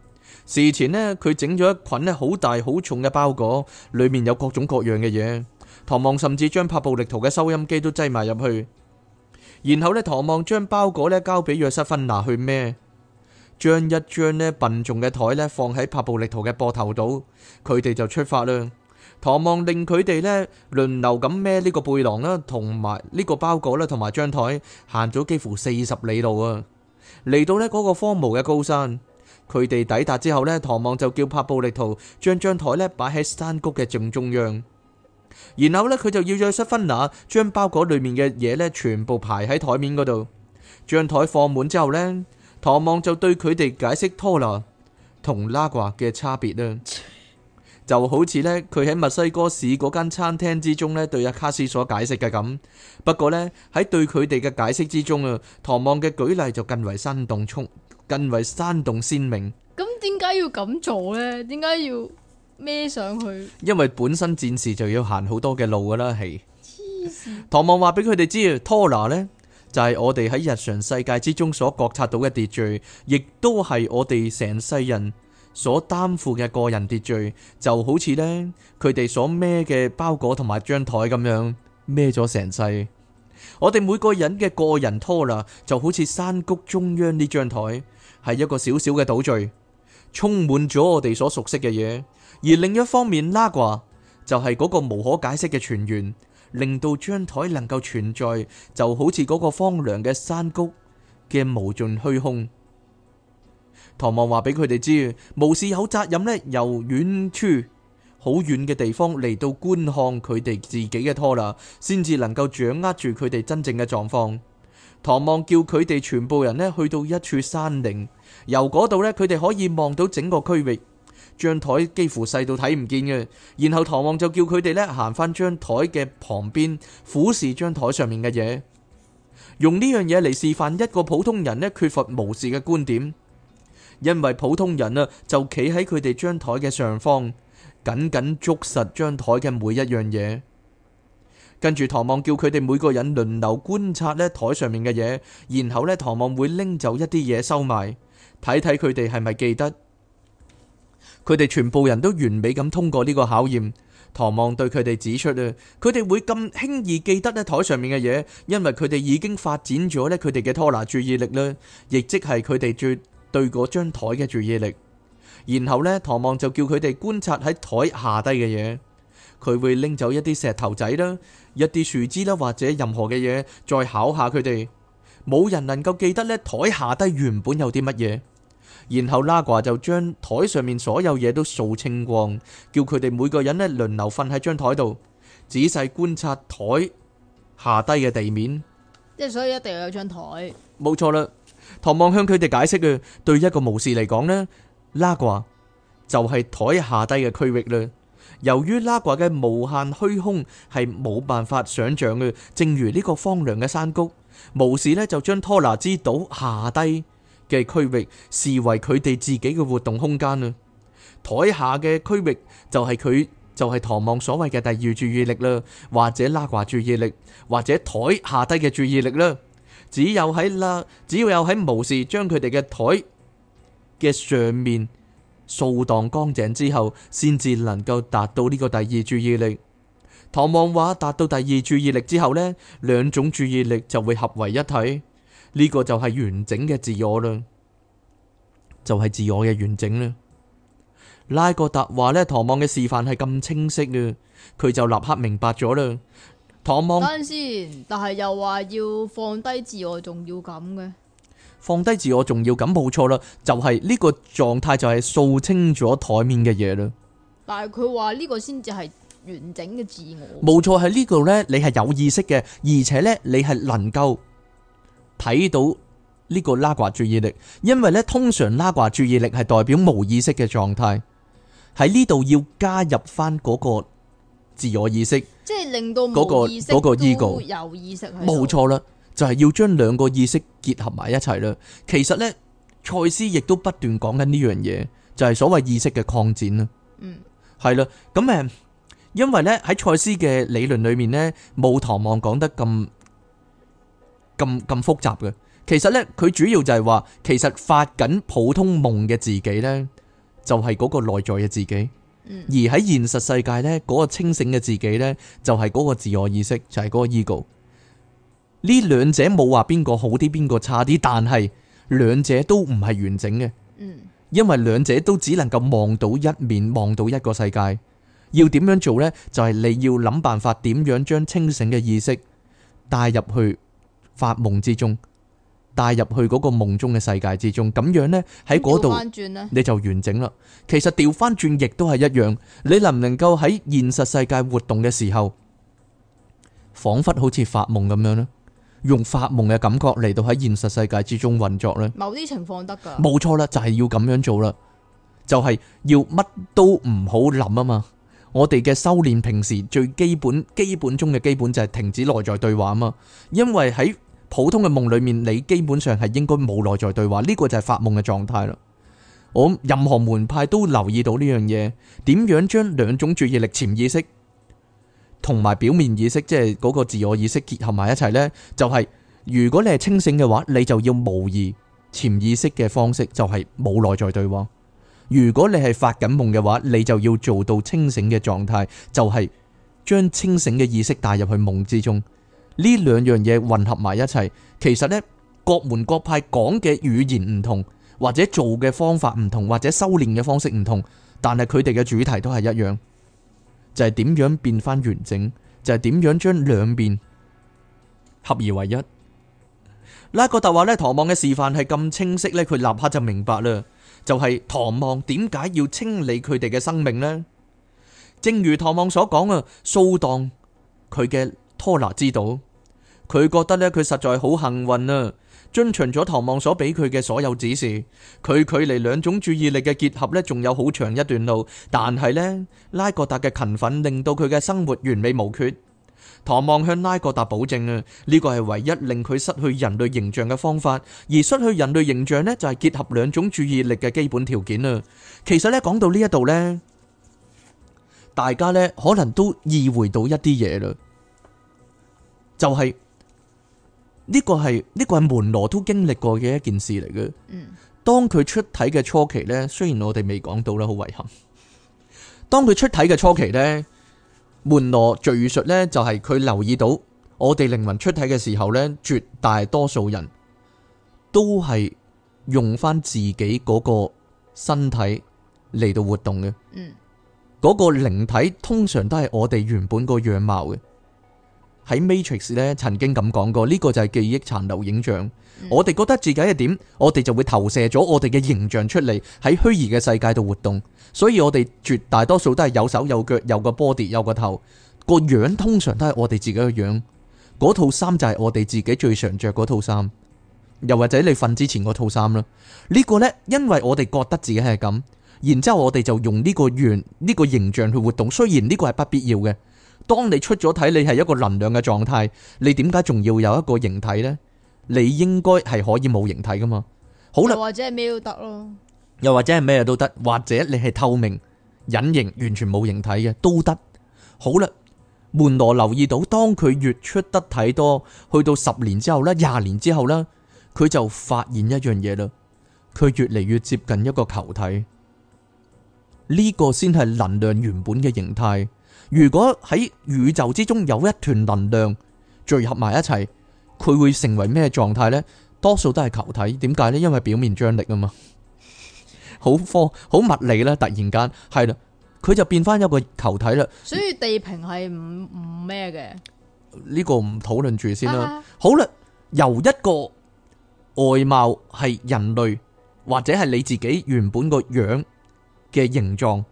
S2: 事前呢，佢整咗一捆呢好大好重嘅包裹，裏面有各種各樣嘅嘢。唐望甚至將帕布力圖嘅收音機都擠埋入去。然後呢，唐望將包裹呢交俾約瑟芬拿去孭，將一張呢笨重嘅台呢放喺帕布力圖嘅膊頭度，佢哋就出發啦。唐望令佢哋呢，輪流咁孭呢個背囊啦，同埋呢個包裹啦，同埋張台行咗幾乎四十里路啊！嚟到呢嗰個荒蕪嘅高山，佢哋抵達之後呢，唐望就叫帕布力圖將張台呢擺喺山谷嘅正中央，然後呢，佢就要約瑟芬娜將包裹裏面嘅嘢呢全部排喺台面嗰度。張台放滿之後呢，唐望就對佢哋解釋拖啦同拉掛嘅差別啦。就好似呢，佢喺墨西哥市嗰間餐廳之中呢，對阿卡斯所解釋嘅咁。不過呢，喺對佢哋嘅解釋之中啊，唐望嘅舉例就更為生動、衝更為生動鮮明。
S1: 咁點解要咁做呢？點解要孭上去？
S2: 因為本身戰士就要行好多嘅路噶啦，係。黐線！唐望話俾佢哋知，Tora 呢，就係我哋喺日常世界之中所覺察到嘅秩序，亦都係我哋成世人。所擔負嘅個人秩序，就好似呢，佢哋所孭嘅包裹同埋張台咁樣孭咗成世。我哋每個人嘅個人拖拉就好似山谷中央呢張台，係一個小小嘅島嶼，充滿咗我哋所熟悉嘅嘢。而另一方面，拉瓜就係、是、嗰個無可解釋嘅泉源，令到張台能夠存在，就好似嗰個荒涼嘅山谷嘅無盡虛空。唐望話俾佢哋知，巫士有責任呢，由遠處好遠嘅地方嚟，到觀看佢哋自己嘅拖啦，先至能夠掌握住佢哋真正嘅狀況。唐望叫佢哋全部人呢，去到一處山嶺，由嗰度呢，佢哋可以望到整個區域。張台幾乎細到睇唔見嘅，然後唐望就叫佢哋呢，行翻張台嘅旁邊，俯視張台上面嘅嘢，用呢樣嘢嚟示範一個普通人呢，缺乏巫士嘅觀點。因為普通人啊，就企喺佢哋張台嘅上方，緊緊捉實張台嘅每一樣嘢。跟住唐望叫佢哋每個人輪流觀察呢台上面嘅嘢，然後呢，唐望會拎走一啲嘢收埋，睇睇佢哋係咪記得。佢哋全部人都完美咁通過呢個考驗。唐望對佢哋指出啊，佢哋會咁輕易記得呢台上面嘅嘢，因為佢哋已經發展咗呢佢哋嘅拖拿注意力啦，亦即係佢哋絕。對嗰張台嘅注意力，然後呢，唐望就叫佢哋觀察喺台下低嘅嘢，佢會拎走一啲石頭仔啦，一啲樹枝啦，或者任何嘅嘢，再考下佢哋，冇人能夠記得呢台下低原本有啲乜嘢。然後拉掛就將台上面所有嘢都掃清光，叫佢哋每個人呢輪流瞓喺張台度，仔細觀察台下低嘅地面。
S1: 即係所以一定要有張台。
S2: 冇錯啦。唐望向佢哋解釋嘅，對一個巫士嚟講呢拉掛就係台下低嘅區域咧。由於拉掛嘅無限虛空係冇辦法想象嘅，正如呢個荒涼嘅山谷，巫士呢就將托拿之島下低嘅區域視為佢哋自己嘅活動空間啦。台下嘅區域就係佢，就係、是、唐望所謂嘅第二注意力啦，或者拉掛注意力，或者台下低嘅注意力啦。只有喺啦，只要有喺無視，將佢哋嘅台嘅上面掃蕩乾淨之後，先至能夠達到呢個第二注意力。唐望話達到第二注意力之後呢，兩種注意力就會合為一體，呢、這個就係完整嘅自我啦，就係、是、自我嘅完整啦。拉各達話呢，唐望嘅示範係咁清晰嘅，佢就立刻明白咗啦。先，但
S1: 係又話要放低自，自、就是、自我，重要感嘅？
S2: 放低自我重要感？冇錯啦，就係呢個狀態就係掃清咗台面嘅嘢啦。
S1: 但係佢話呢個先至係完整嘅自我。
S2: 冇錯，喺呢度呢，你係有意識嘅，而且呢，你係能夠睇到呢個拉掛注意力，因為呢，通常拉掛注意力係代表冇意識嘅狀態。喺呢度要加入翻、那、嗰個。自我意識，
S1: 即係令到冇意識都冇、嗰個嗰個 Eagle、意識，冇錯
S2: 啦，就係、是、要將兩個意識結合埋一齊啦。其實呢，賽斯亦都不斷講緊呢樣嘢，就係、是、所謂意識嘅擴展啦。嗯，係啦，咁誒，因為呢，喺賽斯嘅理論裏面呢，冇唐望講得咁咁咁複雜嘅。其實呢，佢主要就係話，其實發緊普通夢嘅自己呢，就係、是、嗰個內在嘅自己。而喺現實世界呢，嗰、那個清醒嘅自己呢，就係嗰個自我意識，就係、是、嗰個 ego。呢兩者冇話邊個好啲，邊個差啲，但係兩者都唔係完整嘅。因為兩者都只能夠望到一面，望到一個世界。要點樣做呢？就係、是、你要諗辦法，點樣將清醒嘅意識帶入去發夢之中。帶入去嗰個夢中嘅世界之中，咁樣呢喺嗰度你就完整啦。其實調翻轉亦都係一樣，你能唔能夠喺現實世界活動嘅時候，仿佛好似發夢咁樣呢，用發夢嘅感覺嚟到喺現實世界之中運作呢？某
S1: 啲情況得噶，冇
S2: 錯啦，就係要咁樣做啦，就係要乜都唔好諗啊嘛。我哋嘅修煉平時最基本、基本中嘅基本就係停止內在對話啊嘛，因為喺。普通嘅夢裏面，你基本上係應該冇內在對話，呢個就係發夢嘅狀態啦。我任何門派都留意到呢樣嘢，點樣將兩種注意力、潛意識同埋表面意識，即係嗰個自我意識結合埋一齊呢？就係如果你係清醒嘅話，你就要模擬潛意識嘅方式，就係冇內在對話；如果你係發緊夢嘅話，你就要做到清醒嘅狀態，就係將清醒嘅意識帶入去夢之中。呢兩樣嘢混合埋一齊，其實咧各門各派講嘅語言唔同，或者做嘅方法唔同，或者修煉嘅方式唔同，但係佢哋嘅主題都係一樣，就係、是、點樣變翻完整，就係、是、點樣將兩邊合而為一。呢一個答話呢，唐望嘅示範係咁清晰呢，佢立刻就明白啦，就係、是、唐望點解要清理佢哋嘅生命呢？正如唐望所講啊，掃蕩佢嘅。托納知道，佢覺得呢，佢實在好幸運啊！遵循咗唐望所俾佢嘅所有指示，佢距離兩種注意力嘅結合呢，仲有好長一段路。但係呢，拉各達嘅勤奮令到佢嘅生活完美無缺。唐望向拉各達保證啊，呢個係唯一令佢失去人類形象嘅方法，而失去人類形象呢，就係結合兩種注意力嘅基本條件啊！其實呢，講到呢一度呢，大家呢，可能都意會到一啲嘢嘞。就係呢個係呢個係門羅都經歷過嘅一件事嚟嘅。嗯、當佢出體嘅初期呢，雖然我哋未講到啦，好遺憾。當佢出體嘅初期呢，門羅敘述呢，就係佢留意到，我哋靈魂出體嘅時候呢，絕大多數人都係用翻自己嗰個身體嚟到活動嘅。嗯。嗰個靈體通常都係我哋原本個樣貌嘅。喺 Matrix 咧，Mat 曾經咁講過，呢、這個就係記憶殘留影像。嗯、我哋覺得自己係點，我哋就會投射咗我哋嘅形象出嚟，喺虛擬嘅世界度活動。所以我哋絕大多數都係有手有腳、有個波 o 有個頭，個樣通常都係我哋自己嘅樣。嗰套衫就係我哋自己最常着嗰套衫，又或者你瞓之前嗰套衫啦。呢、這個呢，因為我哋覺得自己係咁，然之後我哋就用呢個樣呢、這個形象去活動。雖然呢個係不必要嘅。當你出咗體，你係一個能量嘅狀態，你點解仲要有一個形體呢？你應該係可以冇形體噶嘛？好啦，
S1: 或者都又或者係咩都得咯，
S2: 又或者係咩都得，或者你係透明、隱形、完全冇形體嘅都得。好啦，門羅留意到，當佢越出得體多，去到十年之後啦、廿年之後啦，佢就發現一樣嘢啦，佢越嚟越接近一個球體，呢個先係能量原本嘅形態。如果喺宇宙之中有一團能量聚合埋一齊，佢會成為咩狀態呢？多數都係球體，點解呢？因為表面張力啊嘛，好科好物理啦！突然間係啦，佢就變翻一個球體啦。
S1: 所以地平係唔唔咩嘅？
S2: 呢個唔討論住先啦。好啦，由一個外貌係人類或者係你自己原本個樣嘅形狀。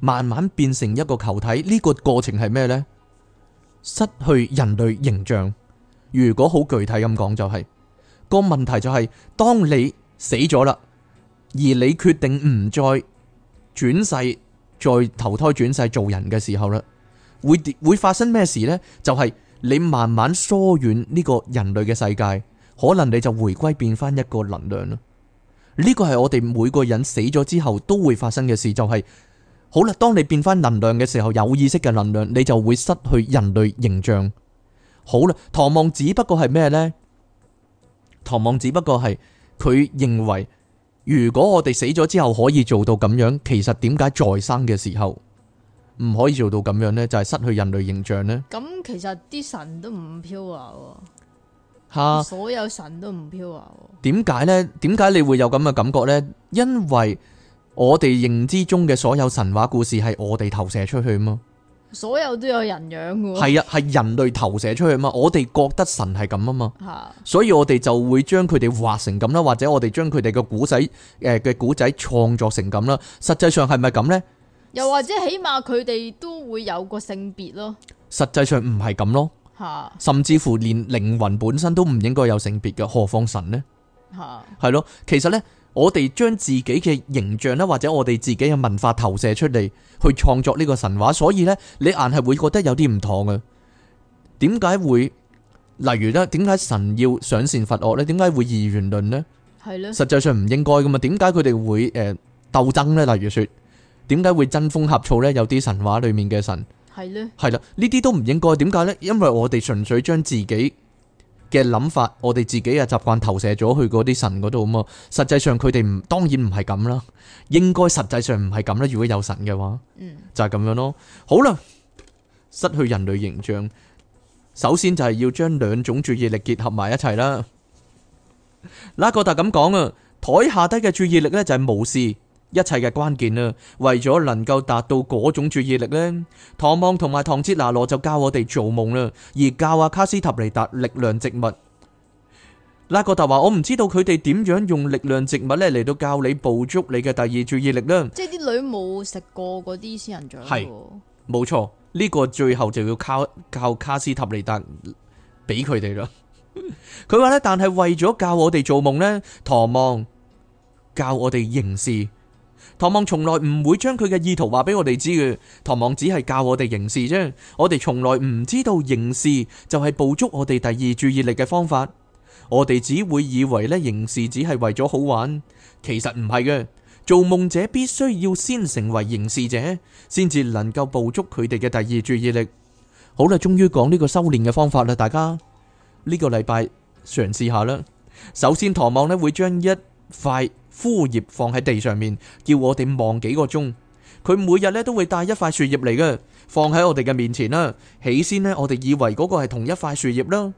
S2: 慢慢變成一個球體，呢、這個過程係咩呢？失去人類形象。如果好具體咁講、就是，就係個問題就係、是，當你死咗啦，而你決定唔再轉世、再投胎轉世做人嘅時候啦，會會發生咩事呢？就係、是、你慢慢疏遠呢個人類嘅世界，可能你就回歸變翻一個能量啦。呢個係我哋每個人死咗之後都會發生嘅事，就係、是。好啦，當你變翻能量嘅時候，有意識嘅能量，你就會失去人類形象。好啦，唐望只不過係咩呢？唐望只不過係佢認為，如果我哋死咗之後可以做到咁樣，其實點解在生嘅時候唔可以做到咁樣呢？就係失去人類形象呢？
S1: 咁其實啲神都唔飄化！
S2: 吓，所
S1: 有神都唔飄化！
S2: 點解呢？點解你會有咁嘅感覺呢？因為。我哋認知中嘅所有神話故事係我哋投射出去嘛，
S1: 所有都有人樣嘅。係
S2: 啊，係人類投射出去嘛？我哋覺得神係咁啊嘛，所以我哋就會將佢哋畫成咁啦，或者我哋將佢哋嘅古仔誒嘅古仔創作成咁啦。實際上係咪咁呢？
S1: 又或者起碼佢哋都會有個性別咯？
S2: 實際上唔係咁咯，甚至乎連靈魂本身都唔應該有性別嘅，何況神呢？係咯，其實呢。我哋將自己嘅形象啦，或者我哋自己嘅文化投射出嚟，去創作呢個神話，所以咧，你硬係會覺得有啲唔妥嘅。點解會？例如咧，點解神要賞善罰惡咧？點解會二元論咧？
S1: 係咧。實
S2: 際上唔應該噶嘛？點解佢哋會誒鬥爭咧？例如說，點解會爭風呷醋咧？有啲神話裏面嘅神係咧，係啦，呢啲都唔應該。點解咧？因為我哋純粹將自己。嘅諗法，我哋自己啊習慣投射咗去嗰啲神嗰度啊嘛，實際上佢哋唔，當然唔係咁啦，應該實際上唔係咁啦。如果有神嘅話，就係咁樣咯。好啦，失去人類形象，首先就係要將兩種注意力結合埋一齊啦。拉哥特咁講啊，台下低嘅注意力呢就係無視。一切嘅關鍵啦，為咗能夠達到嗰種注意力咧，唐望同埋唐哲拿羅就教我哋做夢啦，而教阿卡斯塔尼達力量植物。拉國達話，我唔知道佢哋點樣用力量植物咧嚟到教你捕捉你嘅第二注意力啦。
S1: 即係啲女冇食過嗰啲仙人掌。係，
S2: 冇錯，呢個最後就要靠教卡斯塔尼達俾佢哋啦。佢話咧，但係為咗教我哋做夢咧，唐望教我哋凝視。唐望從來唔會將佢嘅意圖話俾我哋知嘅，唐望只係教我哋凝視啫。我哋從來唔知道凝視就係捕捉我哋第二注意力嘅方法。我哋只會以為咧凝視只係為咗好玩，其實唔係嘅。做夢者必須要先成為凝視者，先至能夠捕捉佢哋嘅第二注意力。好啦，終於講呢個修煉嘅方法啦，大家呢、呢個禮拜嘗試一下啦。首先，唐望咧會將一。塊枯葉放喺地上面，叫我哋望幾個鐘。佢每日咧都會帶一塊樹葉嚟㗎，放喺我哋嘅面前啦。起先咧，我哋以為嗰個係同一塊樹葉啦。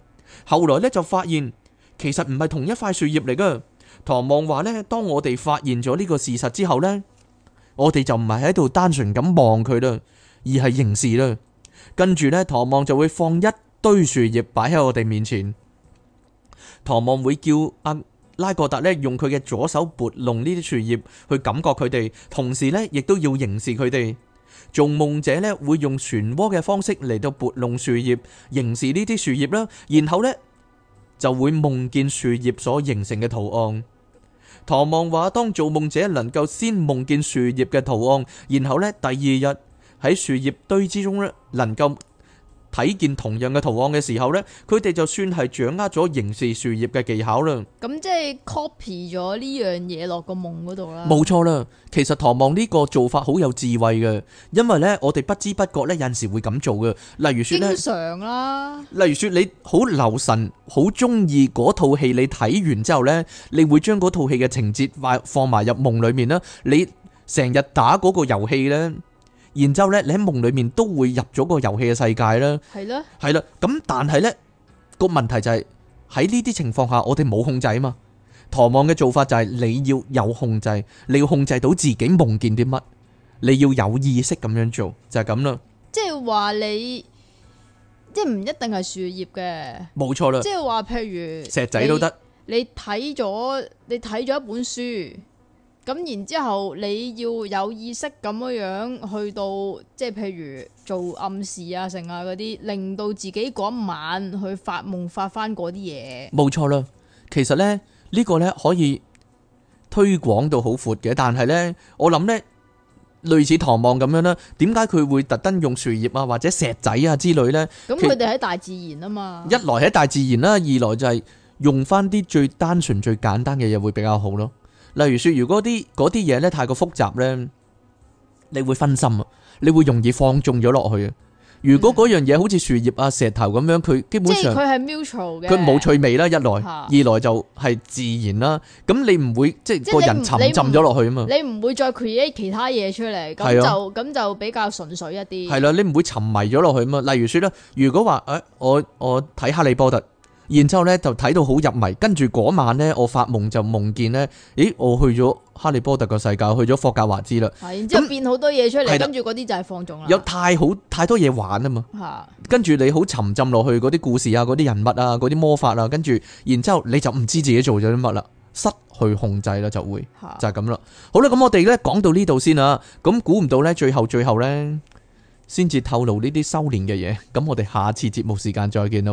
S2: 後來咧就發現，其實唔係同一塊樹葉嚟㗎。唐望話咧，當我哋發現咗呢個事實之後咧，我哋就唔係喺度單純咁望佢啦，而係凝視啦。跟住咧，唐望就會放一堆樹葉擺喺我哋面前。唐望會叫阿。拉各達咧用佢嘅左手撥弄呢啲樹葉，去感覺佢哋，同時咧亦都要凝視佢哋。做夢者咧會用漩渦嘅方式嚟到撥弄樹葉，凝視呢啲樹葉啦，然後咧就會夢見樹葉所形成嘅圖案。唐望話，當做夢者能夠先夢見樹葉嘅圖案，然後咧第二日喺樹葉堆之中咧能夠。睇見同樣嘅圖案嘅時候咧，佢哋就算係掌握咗刑事樹葉嘅技巧啦。
S1: 咁即係 copy 咗呢樣嘢落個夢嗰度啦。冇
S2: 錯啦，其實唐望呢個做法好有智慧嘅，因為咧我哋不知不覺咧有陣時會咁做嘅。例如說咧，經常啦。例如說你好留神，好中意嗰套戲，你睇完之後咧，你會將嗰套戲嘅情節埋放埋入夢裏面啦。你成日打嗰個遊戲咧。然之後呢，你喺夢裏面都會入咗個遊戲嘅世界啦。係咧，係啦。咁但係呢個問題就係喺呢啲情況下，我哋冇控制啊嘛。唐望嘅做法就係你要有控制，你要控制到自己夢見啲乜，你要有意識咁樣做，就係咁咯。
S1: 即係話你，即係唔一定係樹葉嘅，冇錯啦。即係話譬如石仔都得，你睇咗你睇咗一本書。咁然之後你要有意識咁樣樣去到，即係譬如做暗示啊、成啊嗰啲，令到自己嗰晚去發夢發翻嗰啲嘢。
S2: 冇錯啦，其實呢，呢個呢可以推廣到好闊嘅，但係呢，我諗呢，類似唐望咁樣啦，點解佢會特登用樹葉啊或者石仔啊之類呢？咁佢哋喺
S1: 大自然啊嘛。
S2: 一來喺大自然啦，二來就係用翻啲最單純、最簡單嘅嘢會比較好咯。例如說，如果啲嗰啲嘢咧太過複雜咧，你會分心啊，你會容易放縱咗落去啊。如果嗰樣嘢好似樹葉啊、石頭咁樣，佢基本上佢係
S1: mutual 嘅，佢冇趣味
S2: 啦，一來是的 二來就係自然啦。咁你唔會即係個人沉浸咗落去啊嘛，你
S1: 唔會再 create 其他嘢出嚟，咁就咁是的 就比較純粹一啲。係
S2: 啦，你唔會沉迷咗落去啊嘛。例如說咧，如果話誒、哎，我我睇哈利波特。然之後咧就睇到好入迷，跟住嗰晚呢，我發夢就夢見呢：「咦，我去咗《哈利波特》個世界，去咗霍格華茲啦。」係，然之
S1: 後變好多嘢出嚟，跟住嗰啲就係放縱啦。
S2: 有太好太多嘢玩啊嘛，跟住係。你好沉浸落去嗰啲故事啊，嗰啲人物啊，嗰啲魔法啊，跟住，然之後你就唔知自己做咗啲乜啦，失去控制啦，就會係。就係咁啦。好啦，咁我哋呢講到呢度先啦。咁估唔到呢最後最後呢，先至透
S1: 露呢啲修煉嘅嘢。咁我哋下次節目時間再見啦。